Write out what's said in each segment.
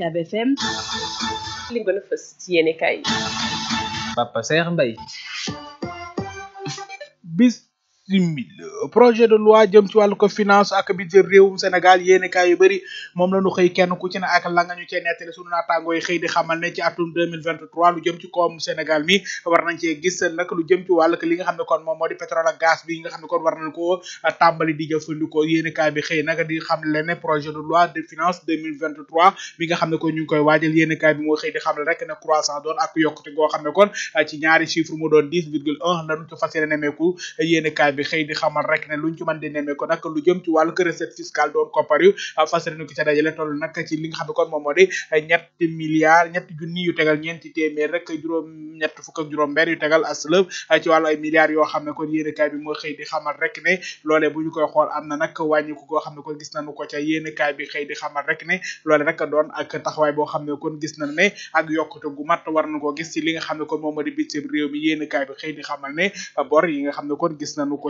Ucab FM. li gën a fës Papa Saer Mbaye. bis. mille projet de loi jëm ci wàllu ko finance ak budget bi nga xam ne ko tàmbali koy waajal yéeni kaay bi moo xëy di xam rek ne croissance doon ak yokkute goo xam ne kon ci ñaari chiffre mu doon 10 virgule 1 lañu ko fas yéene nemeeku yéeni kaay bi xëy di xamal rek ne luñ ci mën di nemee ko nag lu jëm ci wàllu recette fiscale doon koppar yu ah, fas yéene ko ci dajale toll nag ci li nga xam ne kon moom moo di eh, ñetti yu tegal ñeenti téeméer eh, bu ñu koy xool ko ca yéenekaay bi xëy di ci li nga xam ne kon moom moo di bitim réew mi yéenekaay bi xëy xamal ne bor yi nga xam kon gis nañu ko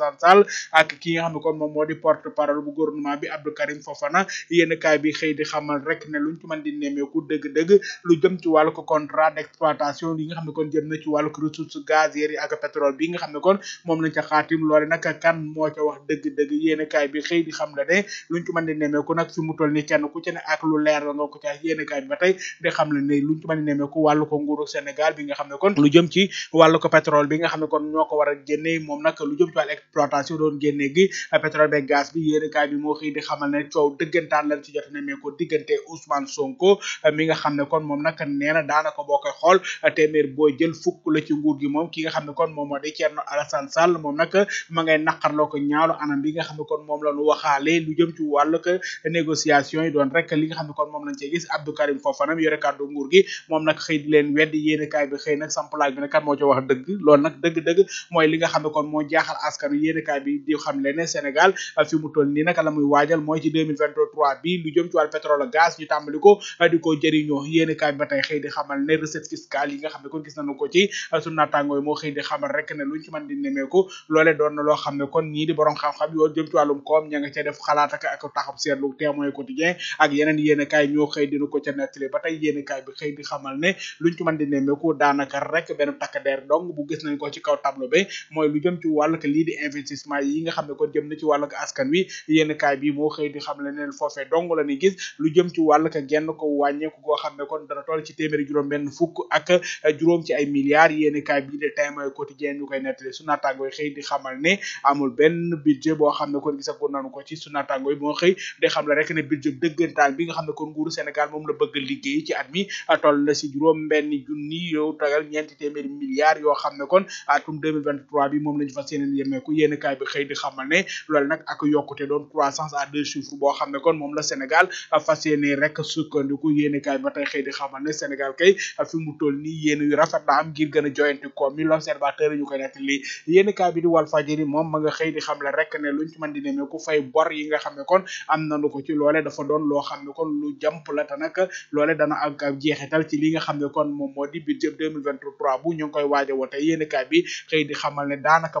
Alassane Sall ak ki nga xam ne kon moom moo di porte parole bu gouvernement bi Abdou Karim Fofana yéen kaay bi xëy di xamal rek ne lu jëm ci wàllu ko contrat d'exploitation yi nga xam ne kon jëm na ci wàllu ko ressources gazières yi bi nga xam ne xam la ne luñ ci mën di nemmeeku nag fi mu toll ni kenn ku ci ne ak lu leer la nga ko ca yéen kaay bi ba tey di xam la ne luñ ci mën di nemmeeku wàllu ko nguuru bi nga xam kon lu jëm ci wàllu ko pétrole bi nga xam kon ñoo ko war a moom nag exploitation doon génne gi pétrole beeg gaz bi yéen kaay bi moo xëy di xamal ne coow dëggantaan lañ ci jot ne mais ko diggante Ousmane Sonko eh, mi nga xam kon moom nag nee daanaka boo koy xool eh, téeméer boo jël fukk la ci nguur gi moom ki nga xam ne kon moom moo di Thierno Alassane Sall moom nag eh, ma ngay naqarloo ko ñaalu anam bi nga xam ne kon moom la ñu waxaale lu jëm ci wàllu négociation yi doon rek li nga xam ne kon moom lañ cee gis Abdou Karim Fofana mi yore kàddu nguur gi moom xëy di leen weddi yéen kaay bi xëy nag samplaaj bi nag kan moo ci wax dëgg loolu nag dëgg-dëgg mooy li nga kon moo jaaxal askan askanu yéenekaay bi di xam le ne Sénégal fi ko ah, di ko jëriñoo yéenekaay kon gis nañu ko ci ah, sunu naataangoo yi moo xëy di xamal rek ne luñ ci mën di nemeeku loolee doon na loo xam ne kon ñii di borom xam-xam yoo jëm ci wàllum koom ña nga ca def xalaat ak ak taxaw seetlu bi xëy di xamal ne luñ ci mën di nemeeku daanaka rek benn takk der dong bu gis nañ ko ci kaw tableau bi mooy lu jëm ci wàllu lii di investissement yi nga xam ne kon jëm na ci wàllug askan wi yenn kaay bi moo xëy di xam le neen foofee dong la ni gis lu jëm ci wàllug genn ko wàññeeku goo xam ne kon dana toll ci téeméeri juróom benn fukk ak juróom ci ay milliards yenn kaay bii de Time Quotidien ñu koy nettali su naataangoo xëy di xamal ne amul benn budget boo xam ne kon gisagoon nañu ko ci su naataangoo moo xëy di xam le rek ne budget dëggantaan bi nga xam ne kon nguuru Sénégal moom la bëgg liggéey ci at mi toll na si juróom benn junni yow tagal ñeenti téeméeri milliards yoo xam ne kon atum 2023 bi moom lañu fas yéeneen yemee nemmeeku yéen kaay bi xëy di xamal ne loolu nag ak yokkute doon croissance à deux chiffres boo xam ne kon moom la Sénégal fas yéene ne Sénégal kay fi mu a joyanti kaay bi di Walf Fadjri moom ma nga xëy rek ne luñ ci mën di fay bor yi nga xam ne kon am nañu ko ci loole dafa doon loo xam ne kon lu jàmp la te nag loole dana ak ak jeexital ci li nga xam ne moom moo di budget 2023 bu ñu ngi koy waaja wote yéen kaay bi xëy xamal ne daanaka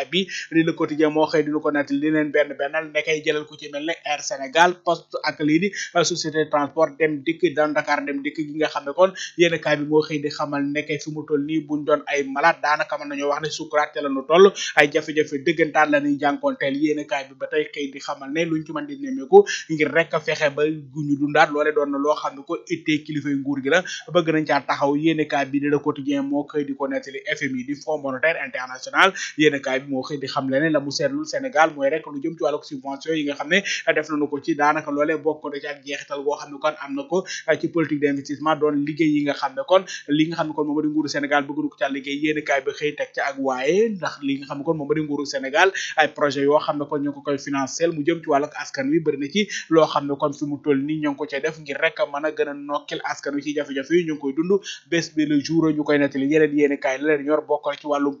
yéenekaay bi lii la quotidien moo xëy ko nattal li leen di société de transport dem dikk daan Dakar dem dikk nga xam ne kon yéenekaay bi moo xëy di xamal nekkay fi mu toll nii buñ doon ay malade daanaka mën nañoo wax ne sukuraat ca la ñu toll ay jafe-jafe dëggantaan la ñuy jànkoonteel yéenekaay bi ba tey xëy di xamal ne luñ ci mën di nemmeeku ngir rek fexe ba guñu dundaat loole doon na loo xam ne ko ittee kilifay nguur gi bëgg nañ caa taxaw yéenekaay bi di le quotidien moo xëy di ko nettali FMI di Fonds monétaire international yéenekaay bi moo xëy di xam leneen la mu seetlul Sénégal mooy rek lu jëm ci wàllug subvention yi nga xam kon am na ko ci politique d'investissement doon liggéey yi nga xam kon li nga xam kon moom di di nguuru Sénégal projet yoo xam kon ñoo ko mu jëm ci wàllug askan wi bëri ci loo xam kon fi mu toll nii ñoo def ngir rek mën a gën a nokkil askan wi ci jafe-jafe yi ñu ngi koy bi le jour ñu koy nettali yeneen kaay la leen ñor bokk ci wàllum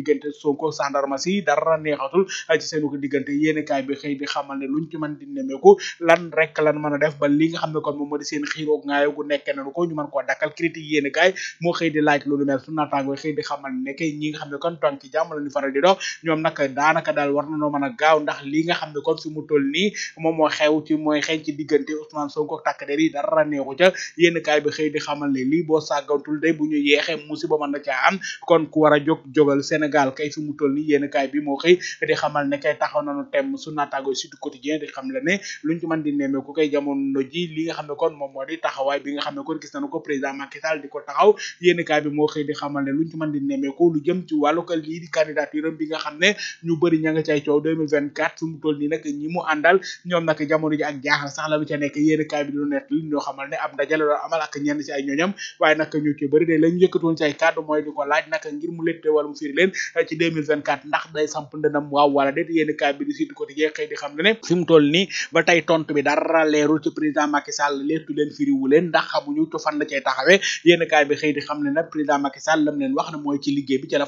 diggante Sonko gendarme si dara neexatul ah, ci seenu ko diggante yéene kaay bi xëy di xamal ne luñ ci mën a def ba li xamal ne la ñu faral di dox ñoom nag daanaka daal war nanoo mën a gaaw ndax li nga xam ne kon fi mu toll nii moom moo xew ci mooy xeeñ ci diggante Ousmane Sonko takk der yi dara lii boo sàggantul day bu ñu yeexee musiba mën na ca am kon ku war a jóg jógal Sénégal Sénégal kay fi mu toll nii yéen kaay bi moo xëy di xamal ne kay taxaw nañu temm su naataango Sud Quotidien di xam la ne lu ñu xamal ne ab ndaje amal ak ñenn ci ay waaye nag ñu ci bëri de lañu yëkkatoon ci ay mooy di ko laaj nag ngir mu lette wala mu firi leen Eh, ci 2024 ndax day samp ndënam waaw wala déet yéen kaay bi di Sud Quotidien xëy di xam ne ne fi mu leen firiwu leen ndax xamuñu ci fan la cay taxawee yéen kaay bi xëy di xam ne nag président Macky Sall lam leen wax na mooy ci liggéey bi ci la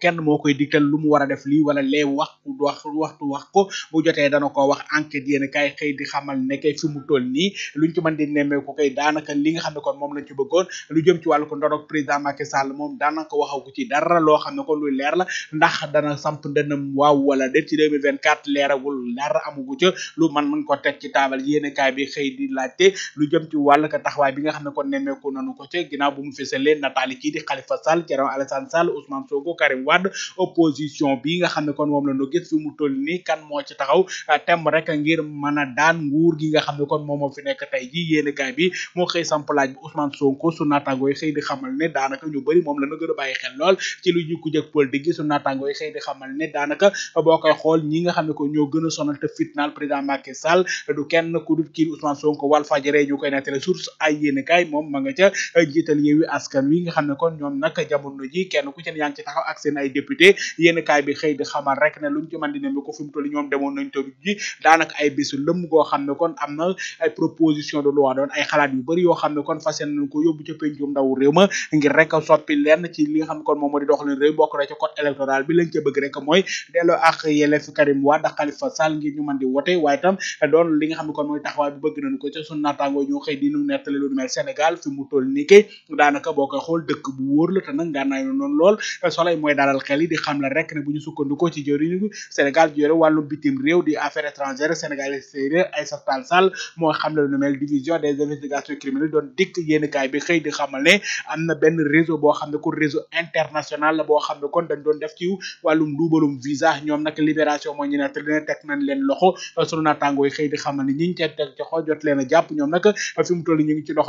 kenn moo koy digtal lu mu war a def lii wala lee wax wax waxtu wax ko bu jotee dana ko wax enquête yéen kaay xëy di xamal ne kay fi mu toll nii luñ ci mën nemmee ko kay daanaka li nga xam ne kon moom lañ ci bëggoon lu jëm ci wàllu ko ndorog président Macky Sall moom daanaka waxagu ci dara loo xam ne kon luy leer la ndax dana samp dënam waaw wala déet ci 2024 leeragul dara amugu ca lu man mën ko teg ci taabal ji yéenekaay bi xëy di laajte lu jëm ci wàll ka taxawaay bi nga xam ne kon nemmeeku nanu ko ca ginnaaw bu mu fësalee nataali kii di Khalifa Sall Thierno Alassane Sall Ousmane Sonko Karim Wade opposition bi nga xam ne kon moom la ñu gis fi mu toll nii kan moo ci taxaw euh, tem rek ngir mën a daan nguur gi nga xam ne kon moom moo fi nekk tey ji kaay bi moo xëy samp laaj bi Ousmane Sonko su naataango yi xëy di xamal ne daanaka ñu bari moom la ñu gën a bàyyi xel gi ñu ko jëkk politique gi su naataango yi nga xam a kon ñoom nag jamono kenn ku ci ne yaa ci taxaw ak seen ay député yéenekaay bi xamal rek ne luñ ci mën di ko fi mu ñoom demoon nañ daanaka ay bisu lëmm goo kon am na ay proposition de loi doon ay xalaat yu bëri yoo xam kon fas yéene nañ ko yóbbu ca ndaw réew ma ngir rek soppi lenn ci li xam kon moom moo di doxal ne réew bokk na ci code électoral bi lañ ca bëgg rek mooy delloo ak yelleef Karim da ak Khalifa Sall ngir ñu mën di wote waaye itam doon li xam ne kon mooy taxawaay bi bëgg ñu xëy di koy xool dëkk yi Sénégal ji yore wàllum bitim réew di affaires étrangères Sénégal extérieur Aïssata Tall Sall moo xam la lu mel division des investigations criminelles doon dikk yéen kaay bi xëy di xamal ne am na benn réseau boo xam ne ko réseau international la boo xam ne kon dañ doon def ci wàllum duubalum visa ñoom nag libération mooy ñu a ci loxo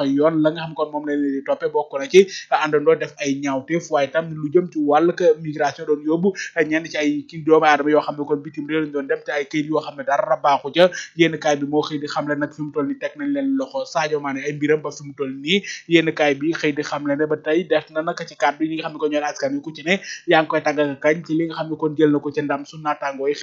yoon la xam kon moom la leen di toppe bokk na ci àndandoo def ay ñaawteef waaye tam lu jëm ci wàll que migration doon yóbbu ñenn ci ay ki doomu yoo xam ne bitim réew doon dem te ay këyit yoo xam ne dara baaxu ca yénn kaay bi moo xam le nag fi mu nii yénn kaay bi xam le ne ba tey def na nag ci kàddu yi xam ne ko ñoon askan wi ku ci ci ne yaa ngi koy tàggat kañ ci li nga xam ne kon jël ko ci ndam su naataangoo yi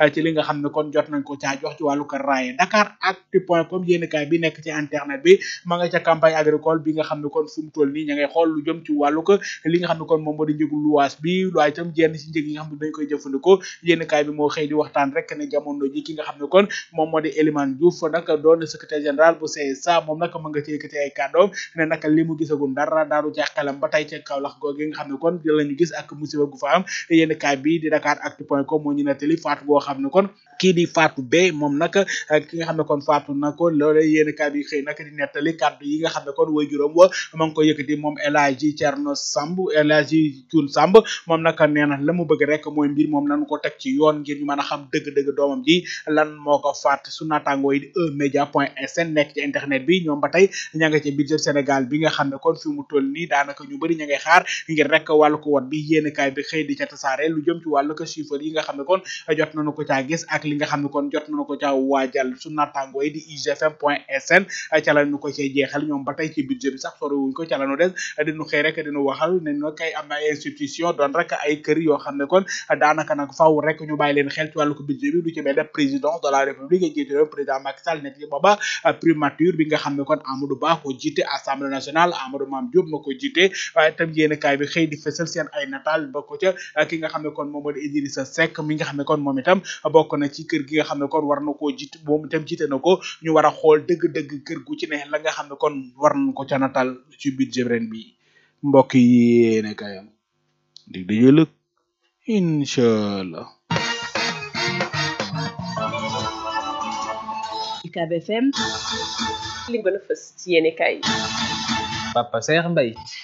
ah, li nga xam ne kon jot nañ ko caa jox ci wàllu kër raaye Dakar actu point com yéenekaay bi nekk ci internet bi ma nga ca campagne agricole bi nga xam ne kon fu mu toll nii ña ngay xool lu jëm ci wàllu ko li nga xam ne kon moom moo di njëgu luwaas bi waaye itam jenn ci njëg yi nga ne dañ koy jëfandikoo yéenekaay bi moo xëy di waxtaan rek ne jamono ji ki nga xam ne kon moom moo di Elimane nag doon secrétaire général bu CSA moom nag ma nga ci yëkkati ay kàddoom ne nag li mu gisagul dara daaru jàqalam ba tey ca Kaolack googu nga xam ne kon di lañu gis ak musiba gu fa am kaay bi di dakaractu.com moo ñu nettali faatu goo xam ne kon kii di faat bee moom nag ki nga xam ne kon faatu na ko loolee yéen kaay bi xëy nag di nettali kàddu yi nga xam ne kon way juróom wa ma ngi ko yëkkati moom El Hadji Thierno Samb El Hadji Thioune Samb moom nag nee na la mu bëgg rek mooy mbir moom lañu ko teg ci yoon ngir ñu mën a xam dëgg-dëgg doomam ji lan moo ko faat su naataangoo yi di emedia point sn nekk internet bi ñoom ba tey ña nga ci budget Sénégal bi nga xam ne kon mu toll nii daanaka ñu bari ña ngay xaar ngir rek wàllu ko wot bi yéen kaay bi xëy di ca tasaare lu jëm ci wàllu ko chiffre yi nga xam ne kon jot nañu ko caa ak li nga xam kon jot nañu ko ko cee jeexal yoo xam ne kon daanaka nag faaw rek ñu leen xel ci wàllu ko budget bi du ci mel ne de la république et jiite président Macky Sall nekk ci booba primature bi nga xam ne kon Amadou Ba ko jiite assemblée nationale Amadou Mame Diop ma ko jiite waaye kaay bi xëy fësal seen ay nataal bokk ca ki nga xam ne kon moom moo di Idrissa Seck mi nga xam ne kon moom itam a bokk na ci kër gi nga xam ne kon war na koo jiit moom itam jiite na ko ñu war a xool dëgg-dëgg kër gu ci ne la nga xam ne kon war nañ ko ca nataal ci budget ren bi mbokk yi yéene kayam Papa Saer Mbaye